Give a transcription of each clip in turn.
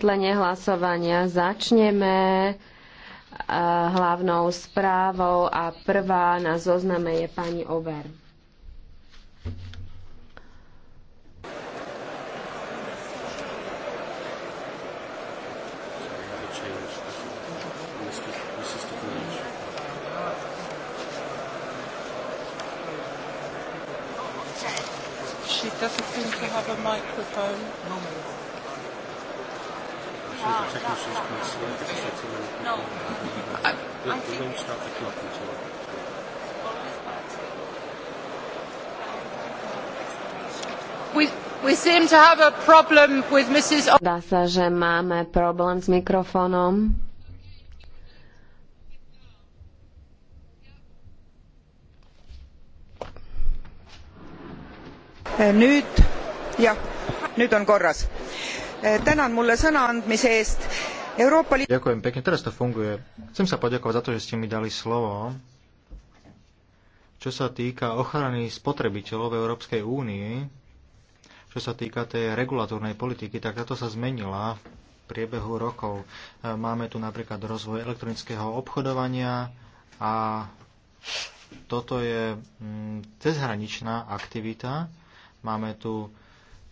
vysvetlenie hlasovania začneme eh, hlavnou správou a prvá na zozname je pani Over. She doesn't seem to have a microphone. Normally. Dá sa, že máme problém s mikrofónom. Eh, nyt, ja, nyt on korras Eh, tänan mulle sõna andmise eest. Euroopa Liit... Ďakujem pekne, teraz to funguje. Chcem sa poďakovať za to, že ste mi dali slovo. Čo sa týka ochrany spotrebiteľov v Európskej únii, čo sa týka tej regulatórnej politiky, tak táto sa zmenila v priebehu rokov. Eh, máme tu napríklad rozvoj elektronického obchodovania a toto je mm, cezhraničná aktivita. Máme tu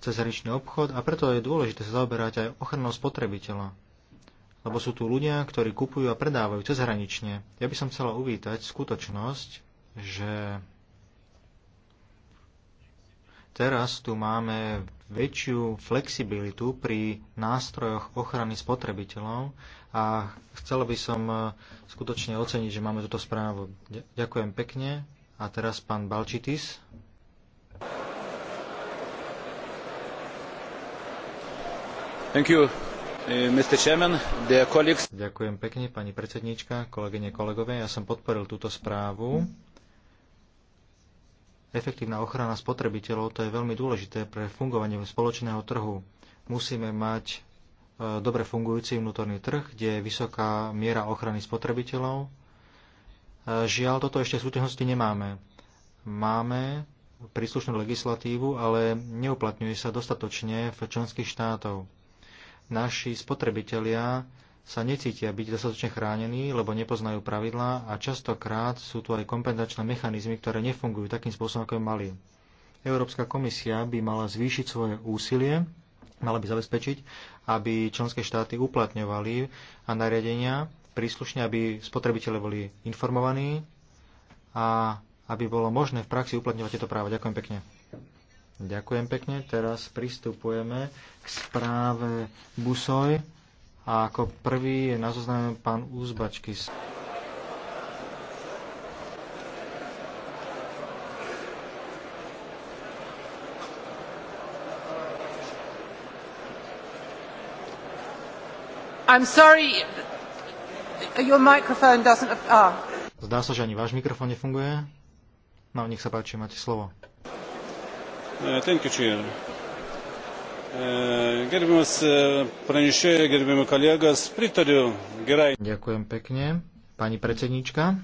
cezhraničný obchod a preto je dôležité sa zaoberať aj ochranou spotrebiteľa. Lebo sú tu ľudia, ktorí kupujú a predávajú cezhranične. Ja by som chcela uvítať skutočnosť, že teraz tu máme väčšiu flexibilitu pri nástrojoch ochrany spotrebiteľov a chcela by som eh, skutočne oceniť, že máme túto správu. Ďakujem pekne. A teraz pán Balčitis. Uh, Ďakujem pekne, pani predsedníčka, kolegyne, kolegovia. Ja som podporil túto správu. Efektívna ochrana spotrebiteľov to je veľmi dôležité pre fungovanie spoločného trhu. Musíme mať uh, dobre fungujúci vnútorný trh, kde je vysoká miera ochrany spotrebiteľov. Uh, žiaľ, toto ešte v súčasnosti nemáme. Máme príslušnú legislatívu, ale neuplatňuje sa dostatočne v členských štátoch naši spotrebitelia sa necítia byť dostatočne chránení, lebo nepoznajú pravidlá a častokrát sú tu aj kompenzačné mechanizmy, ktoré nefungujú takým spôsobom, ako je mali. Európska komisia by mala zvýšiť svoje úsilie, mala by zabezpečiť, aby členské štáty uplatňovali a nariadenia príslušne, aby spotrebitelia boli informovaní a aby bolo možné v praxi uplatňovať tieto práva. Ďakujem pekne. Ďakujem pekne. Teraz pristupujeme k správe Busoj. A ako prvý je na zozname pán Úzbačkis. I'm sorry, your microphone doesn't... Ah. Zdá sa, že ani váš mikrofón nefunguje. No, nech sa páči, máte slovo. Uh, thank you, Chair. Uh, uh, kolegas, pritariu gerai. Ďakujem pekne. Pani predsedníčka,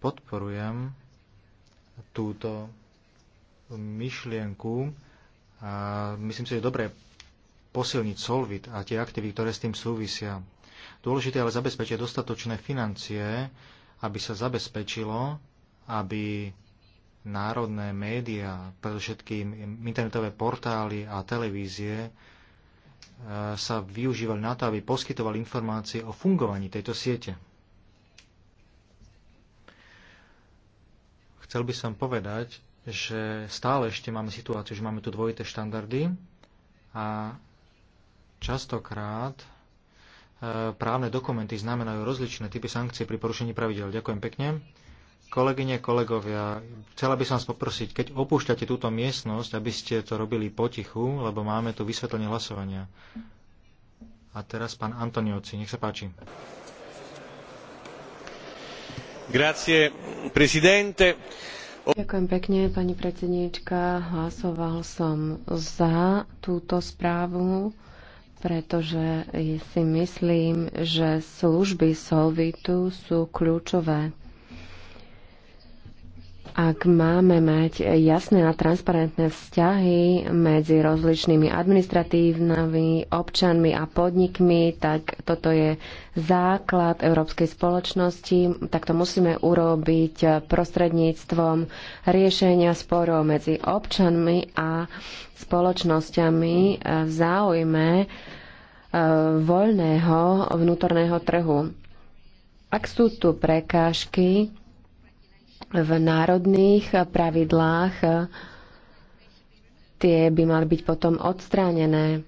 podporujem túto myšlienku a myslím si, že je dobré posilniť Solvit a tie aktivy, ktoré s tým súvisia. Dôležité ale zabezpečiť dostatočné financie, aby sa zabezpečilo, aby národné médiá, predovšetkým internetové portály a televízie, e, sa využívali na to, aby poskytovali informácie o fungovaní tejto siete. Chcel by som povedať, že stále ešte máme situáciu, že máme tu dvojité štandardy a častokrát e, právne dokumenty znamenajú rozličné typy sankcií pri porušení pravidel. Ďakujem pekne. Kolegyne, kolegovia, chcela by som vás poprosiť, keď opúšťate túto miestnosť, aby ste to robili potichu, lebo máme tu vysvetlenie hlasovania. A teraz pán Antoniovci, nech sa páči. Grazie, presidente. Ďakujem pekne, pani predsedníčka. Hlasoval som za túto správu pretože si myslím, že služby Solvitu sú kľúčové ak máme mať jasné a transparentné vzťahy medzi rozličnými administratívnymi občanmi a podnikmi, tak toto je základ európskej spoločnosti. Tak to musíme urobiť prostredníctvom riešenia sporov medzi občanmi a spoločnosťami v záujme e, voľného vnútorného trhu. Ak sú tu prekážky, v národných pravidlách tie by mali byť potom odstránené.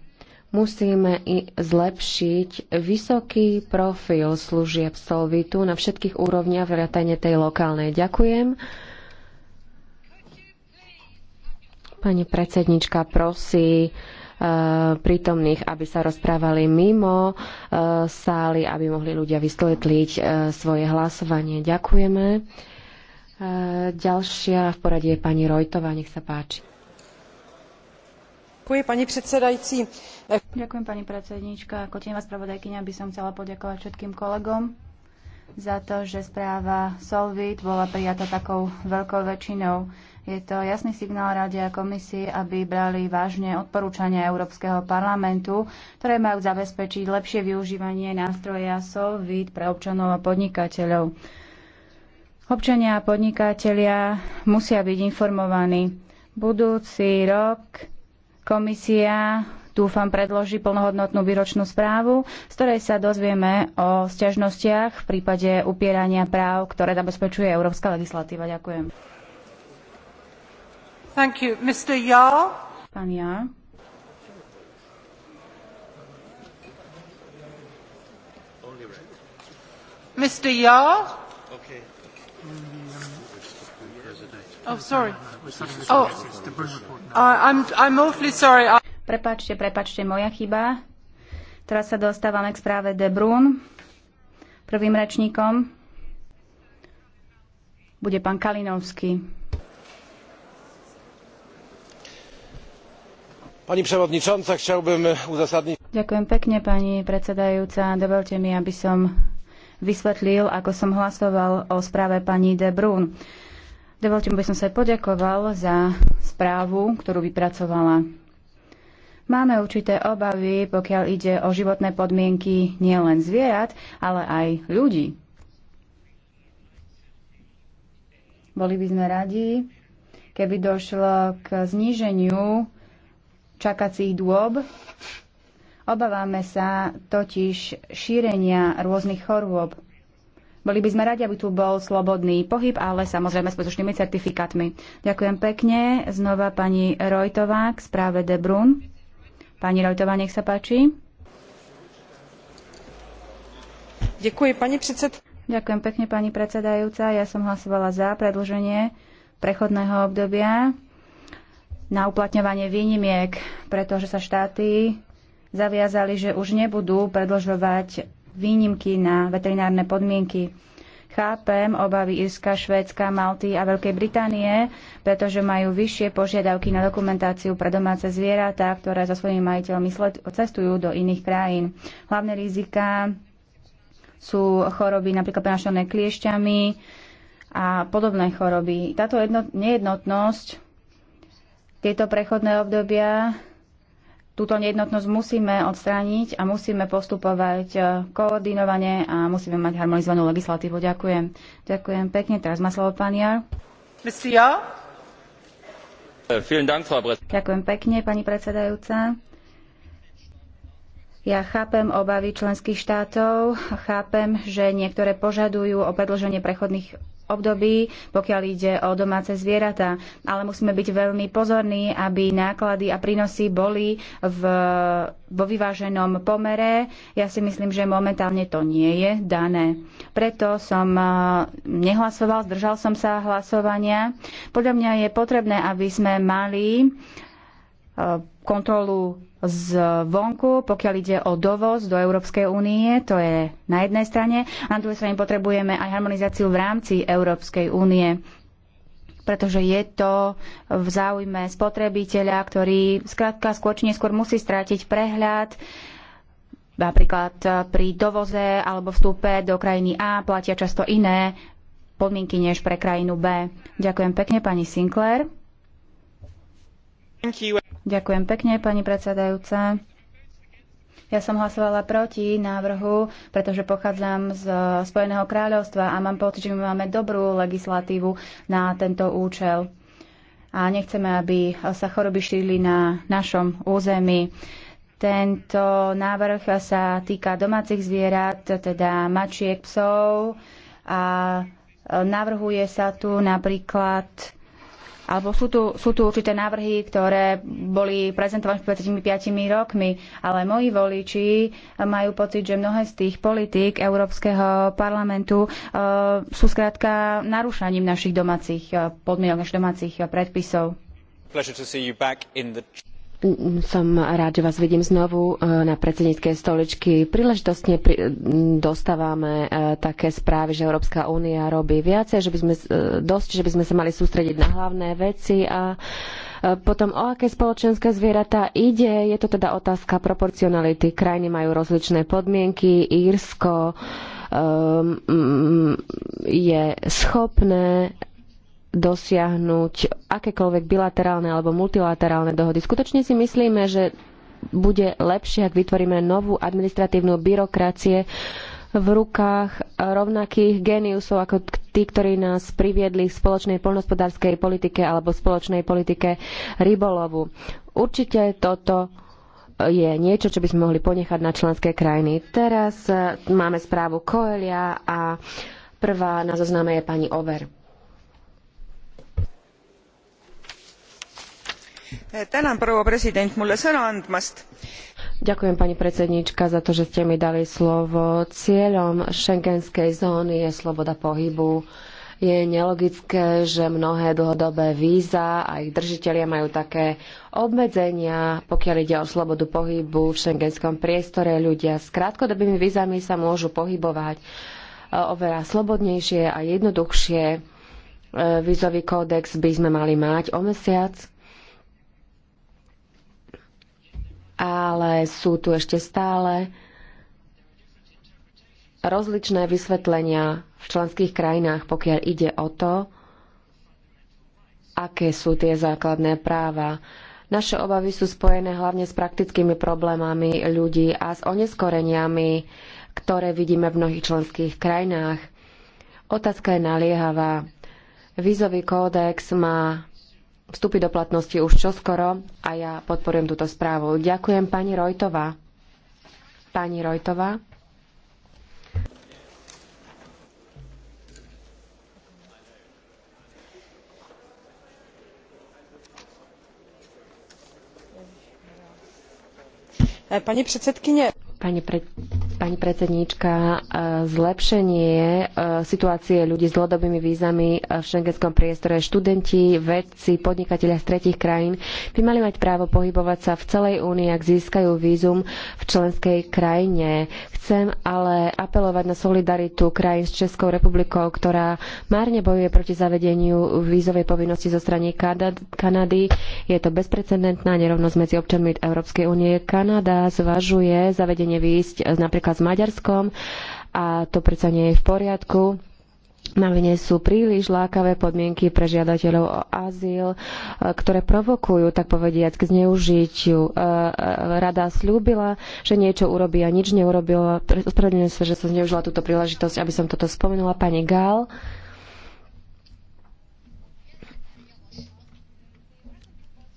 Musíme i zlepšiť vysoký profil služieb Solvitu na všetkých úrovniach vrátane tej lokálnej. Ďakujem. Pani predsednička prosí eh, prítomných, aby sa rozprávali mimo eh, sály, aby mohli ľudia vysvetliť eh, svoje hlasovanie. Ďakujeme. Ďalšia v poradí je pani Rojtová, nech sa páči. Ďakujem, pani predsedajúci. Ďakujem, pani predsedníčka. Ako tieňová spravodajkynia by som chcela poďakovať všetkým kolegom za to, že správa Solvit bola prijata takou veľkou väčšinou. Je to jasný signál Rade a komisii, aby brali vážne odporúčania Európskeho parlamentu, ktoré majú zabezpečiť lepšie využívanie nástroja Solvit pre občanov a podnikateľov. Občania a podnikatelia musia byť informovaní. Budúci rok komisia dúfam predloží plnohodnotnú výročnú správu, z ktorej sa dozvieme o sťažnostiach v prípade upierania práv, ktoré zabezpečuje európska legislatíva. Ďakujem. Thank you. Mr. Ja. Pán Ja. Mr. Ja. Okay. Oh, oh. Uh, prepačte, prepačte, moja chyba. Teraz sa dostávame k správe De Brun. Prvým rečníkom bude pán Kalinovský. Pani przewodnicząca, chciałbym uzasadniť. Ďakujem pekne, pani predsedajúca. Dovolte mi, aby som vysvetlil, ako som hlasoval o správe pani De Brun. Dovolte by som sa poďakoval za správu, ktorú vypracovala. Máme určité obavy, pokiaľ ide o životné podmienky nielen zvierat, ale aj ľudí. Boli by sme radi, keby došlo k zníženiu čakacích dôb Obávame sa totiž šírenia rôznych chorôb. Boli by sme radi, aby tu bol slobodný pohyb, ale samozrejme s pozočnými certifikátmi. Ďakujem pekne. Znova pani Rojtová k správe De Brun. Pani Rojtová, nech sa páči. Ďakujem, pani predsed... Ďakujem pekne, pani predsedajúca. Ja som hlasovala za predlženie prechodného obdobia na uplatňovanie výnimiek, pretože sa štáty zaviazali, že už nebudú predlžovať výnimky na veterinárne podmienky. Chápem obavy Irska, Švédska, Malty a Veľkej Británie, pretože majú vyššie požiadavky na dokumentáciu pre domáce zvieratá, ktoré so svojimi majiteľmi cestujú do iných krajín. Hlavné rizika sú choroby napríklad prenašané kliešťami a podobné choroby. Táto nejednotnosť, tieto prechodné obdobia Túto nejednotnosť musíme odstrániť a musíme postupovať eh, koordinovane a musíme mať harmonizovanú legislatívu. Ďakujem. Ďakujem pekne. Teraz má slovo pán Jar. Eh, Ďakujem pekne, pani predsedajúca. Ja chápem obavy členských štátov, chápem, že niektoré požadujú o predlženie prechodných období, pokiaľ ide o domáce zvieratá. Ale musíme byť veľmi pozorní, aby náklady a prínosy boli v, vo vyváženom pomere. Ja si myslím, že momentálne to nie je dané. Preto som eh, nehlasoval, zdržal som sa hlasovania. Podľa mňa je potrebné, aby sme mali uh, kontrolu z vonku, pokiaľ ide o dovoz do Európskej únie, to je na jednej strane. A na druhej strane potrebujeme aj harmonizáciu v rámci Európskej únie pretože je to v záujme spotrebiteľa, ktorý skrátka skôr či neskôr musí strátiť prehľad napríklad pri dovoze alebo vstupe do krajiny A platia často iné podmienky než pre krajinu B. Ďakujem pekne, pani Sinclair. Ďakujem pekne, pani predsedajúca. Ja som hlasovala proti návrhu, pretože pochádzam z e, Spojeného kráľovstva a mám pocit, že my máme dobrú legislatívu na tento účel. A nechceme, aby sa choroby šírili na našom území. Tento návrh sa týka domácich zvierat, teda mačiek, psov a e, navrhuje sa tu napríklad alebo sú tu, sú tu určité návrhy, ktoré boli prezentované pred piatimi rokmi, ale moji voliči majú pocit, že mnohé z tých politík Európskeho parlamentu uh, sú skrátka narušaním našich domácich e, podmienok, našich domácich predpisov. Mm, som rád, že vás vidím znovu e, na predsedníckej stoličky. Príležitostne dostávame e, také správy, že Európska únia robí viacej, že by sme, e, dosť, že by sme sa mali sústrediť na hlavné veci a potom o aké spoločenské zvieratá ide, je to teda otázka proporcionality. Krajiny majú rozličné podmienky, Írsko um, je schopné dosiahnuť akékoľvek bilaterálne alebo multilaterálne dohody. Skutočne si myslíme, že bude lepšie, ak vytvoríme novú administratívnu byrokracie v rukách rovnakých géniusov ako tí, ktorí nás priviedli k spoločnej poľnospodárskej politike alebo spoločnej politike rybolovu. Určite toto je niečo, čo by sme mohli ponechať na členské krajiny. Teraz eh, máme správu Koelia a prvá na zozname je pani Over. Eh, tänan, proua president, mulle sõna andmast. Ďakujem pani predsedníčka za to, že ste mi dali slovo. Cieľom schengenskej zóny je sloboda pohybu. Je nelogické, že mnohé dlhodobé víza a ich držitelia majú také obmedzenia, pokiaľ ide o slobodu pohybu v šengenskom priestore. Ľudia s krátkodobými vízami sa môžu pohybovať eh, oveľa slobodnejšie a jednoduchšie. Eh, vízový kódex by sme mali mať o mesiac ale sú tu ešte stále rozličné vysvetlenia v členských krajinách, pokiaľ ide o to, aké sú tie základné práva. Naše obavy sú spojené hlavne s praktickými problémami ľudí a s oneskoreniami, ktoré vidíme v mnohých členských krajinách. Otázka je naliehavá. Vízový kódex má vstúpi do platnosti už čoskoro a ja podporujem túto správu. Ďakujem pani Rojtová. Pani Rojtová. Pani predsedkynie. Pani pred pani predsedníčka. E, zlepšenie e, situácie ľudí s dlhodobými vízami e, v šengenskom priestore, študenti, vedci, podnikatelia z tretich krajín by mali mať právo pohybovať sa v celej únii, ak získajú vízum v členskej krajine. Chcem ale apelovať na solidaritu krajín s Českou republikou, ktorá márne bojuje proti zavedeniu vízovej povinnosti zo strany Kanady. Je to bezprecedentná nerovnosť medzi občanmi Európskej únie. Kanada zvažuje zavedenie výsť napríklad s Maďarskom a to predsa nie je v poriadku. Na vine sú príliš lákavé podmienky pre žiadateľov o azyl, e, ktoré provokujú, tak povediať, k zneužitiu. E, e, Rada slúbila, že niečo urobí a nič neurobila. Ospravedlňujem sa, že som zneužila túto príležitosť, aby som toto spomenula. Pani Gál,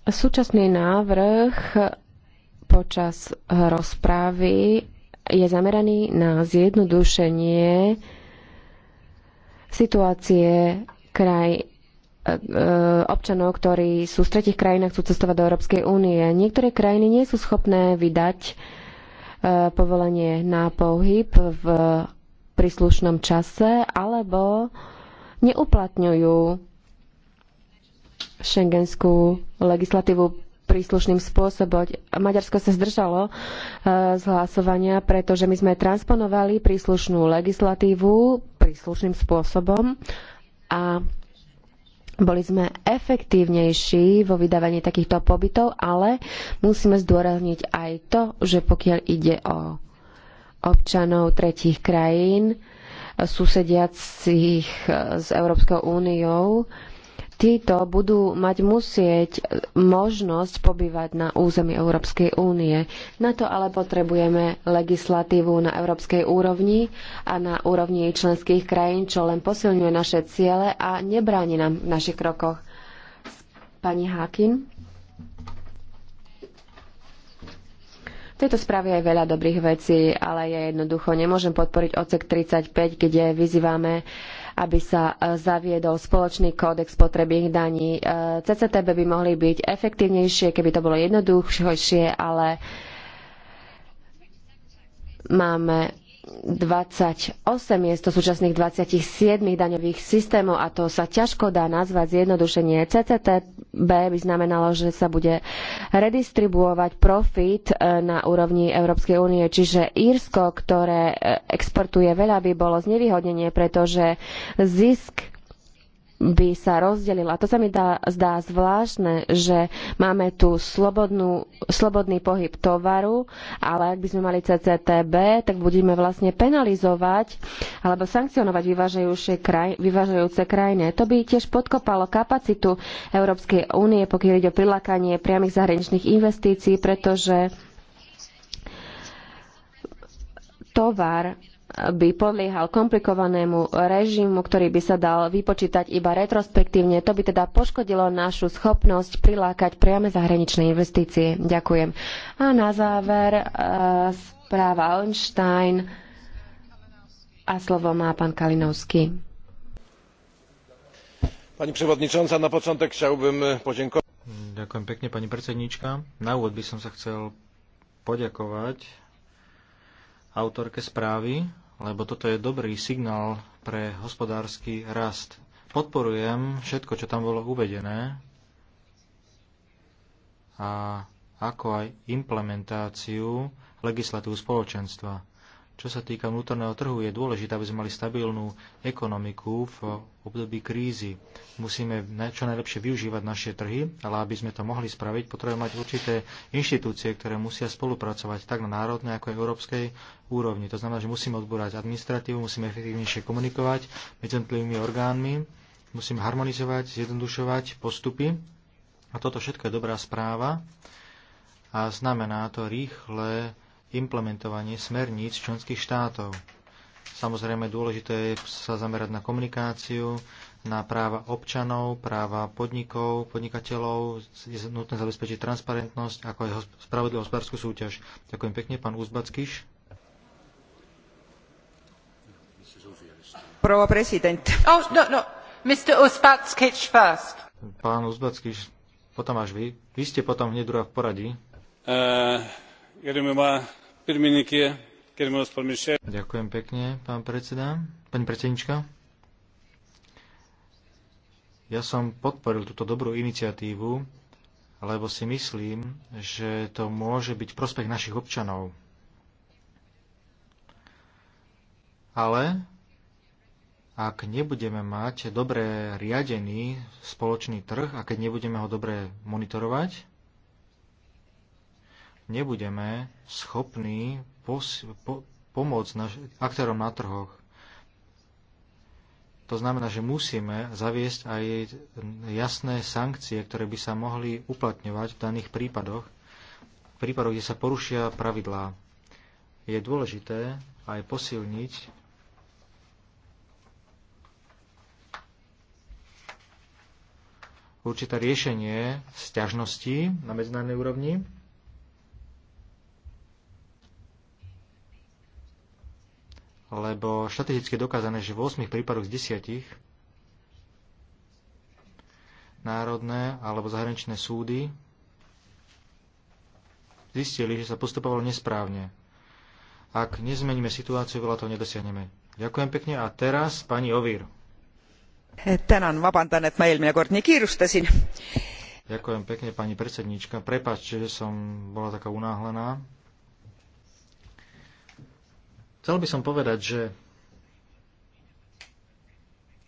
Súčasný návrh počas rozprávy je zameraný na zjednodušenie situácie kraj, e, e, občanov, ktorí sú z tretich krajín a chcú cestovať do Európskej únie. Niektoré krajiny nie sú schopné vydať e, povolenie na pohyb v príslušnom čase alebo neuplatňujú šengenskú legislatívu príslušným spôsobom. Maďarsko sa zdržalo e, z hlasovania, pretože my sme transponovali príslušnú legislatívu príslušným spôsobom a boli sme efektívnejší vo vydávaní takýchto pobytov, ale musíme zdôrazniť aj to, že pokiaľ ide o občanov tretích krajín, susediacich e, s Európskou úniou, títo budú mať musieť možnosť pobývať na území Európskej únie. Na to ale potrebujeme legislatívu na európskej úrovni a na úrovni členských krajín, čo len posilňuje naše ciele a nebráni nám v našich krokoch. Pani Hákin. V tejto správe je veľa dobrých vecí, ale ja jednoducho nemôžem podporiť odsek 35, kde vyzývame uh, aby sa e, zaviedol spoločný kódex potrebných daní. E, CCTB by mohli byť efektívnejšie, keby to bolo jednoduchšie, ale máme 28 miesto súčasných 27 daňových systémov a to sa ťažko dá nazvať zjednodušenie. CCTB by znamenalo, že sa bude redistribuovať profit e, na úrovni Európskej únie, čiže Írsko, ktoré e, exportuje veľa, by bolo znevýhodnenie, pretože zisk by sa rozdelila. To sa mi dá, zdá zvláštne, že máme tu slobodnú, slobodný pohyb tovaru, ale ak by sme mali CCTB, tak budeme vlastne penalizovať alebo sankcionovať vyvážajúce, kraj, vyvážajúce krajiny. To by tiež podkopalo kapacitu Európskej únie, pokiaľ ide o prilákanie priamých zahraničných investícií, pretože tovar by podliehal komplikovanému režimu, ktorý by sa dal vypočítať iba retrospektívne. To by teda poškodilo našu schopnosť prilákať priame zahraničné investície. Ďakujem. A na záver e, správa Einstein a slovo má pán Kalinovský. Pani przewodnicząca, na początek chciałbym podziękować. Ďakujem pekne, pani predsedníčka. Na úvod by som sa chcel poďakovať autorke správy, lebo toto je dobrý signál pre hospodársky rast. Podporujem všetko, čo tam bolo uvedené a ako aj implementáciu legislatívu spoločenstva. Čo sa týka vnútorného trhu, je dôležité, aby sme mali stabilnú ekonomiku v období krízy. Musíme čo najlepšie využívať naše trhy, ale aby sme to mohli spraviť, potrebujeme mať určité inštitúcie, ktoré musia spolupracovať tak na národnej ako aj európskej úrovni. To znamená, že musíme odbúrať administratívu, musíme efektívnejšie komunikovať medzi jednotlivými orgánmi, musíme harmonizovať, zjednodušovať postupy. A toto všetko je dobrá správa a znamená to rýchle implementovanie smerníc členských štátov. Samozrejme dôležité je sa zamerať na komunikáciu, na práva občanov, práva podnikov, podnikateľov, je nutné zabezpečiť transparentnosť, ako aj spravodlivú hospodárskú súťaž. Ďakujem pekne, pán uzbackyš. Prvo prezident. Oh, no, no. Mr. Uzbackiš first. Pán uzbackyš, potom až vy. Vy ste potom hneď druhá v poradí. Uh, Ďakujem pekne, pán predseda. Pani predsednička. Ja som podporil túto dobrú iniciatívu, lebo si myslím, že to môže byť prospech našich občanov. Ale ak nebudeme mať dobre riadený spoločný trh a keď nebudeme ho dobre monitorovať, nebudeme schopní pos- po- pomôcť naš- aktérom na trhoch. To znamená, že musíme zaviesť aj jasné sankcie, ktoré by sa mohli uplatňovať v daných prípadoch, v prípadoch, kde sa porušia pravidlá. Je dôležité aj posilniť určité riešenie sťažností na medzinárodnej úrovni, lebo štatisticky dokázané, že v 8 prípadoch z 10 národné alebo zahraničné súdy zistili, že sa postupovalo nesprávne. Ak nezmeníme situáciu, veľa toho nedosiahneme. Ďakujem pekne a teraz pani Ovír. Tänan, vabandan, et ma eelmine kord nii kiirustasin. Ďakujem pekne, pani predsedníčka. Prepač, že som bola taká unáhlená. Chcel by som povedať, že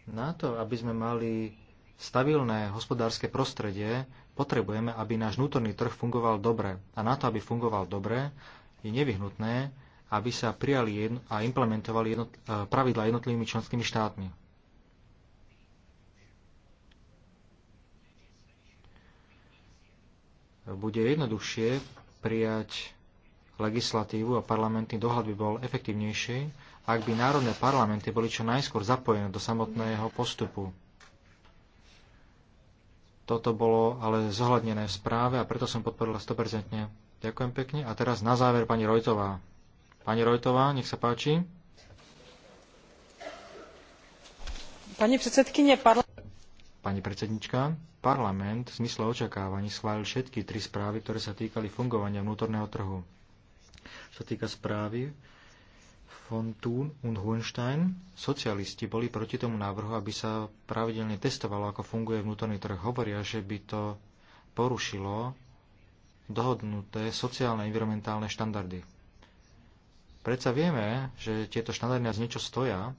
na to, aby sme mali stabilné hospodárske prostredie, potrebujeme, aby náš vnútorný trh fungoval dobre. A na to, aby fungoval dobre, je nevyhnutné, aby sa prijali a implementovali jednot, e, pravidla jednotlivými členskými štátmi. Bude jednoduchšie prijať legislatívu a parlamentný dohľad by bol efektívnejší, ak by národné parlamenty boli čo najskôr zapojené do samotného postupu. Toto bolo ale zohľadnené v správe a preto som podporila 100%. Ďakujem pekne. A teraz na záver pani Rojtová. Pani Rojtová, nech sa páči. Pani predsedkynie, parla... Pani predsednička, parlament v zmysle očakávaní schválil všetky tri správy, ktoré sa týkali fungovania vnútorného trhu sa týka správy Fontún und Hohenstein. Socialisti boli proti tomu návrhu, aby sa pravidelne testovalo, ako funguje vnútorný trh. Hovoria, že by to porušilo dohodnuté sociálne a environmentálne štandardy. Predsa vieme, že tieto štandardy nás niečo stoja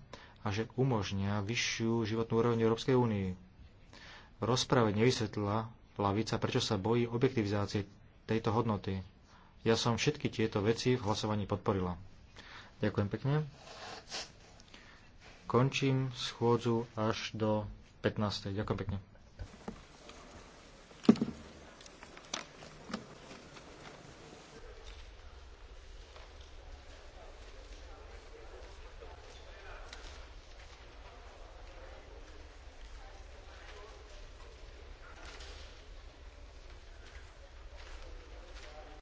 a že umožnia vyššiu životnú úroveň Európskej únii. V rozprave nevysvetlila lavica, prečo sa bojí objektivizácie tejto hodnoty. Ja som všetky tieto veci v hlasovaní podporila. Ďakujem pekne. Končím schôdzu až do 15. Ďakujem pekne.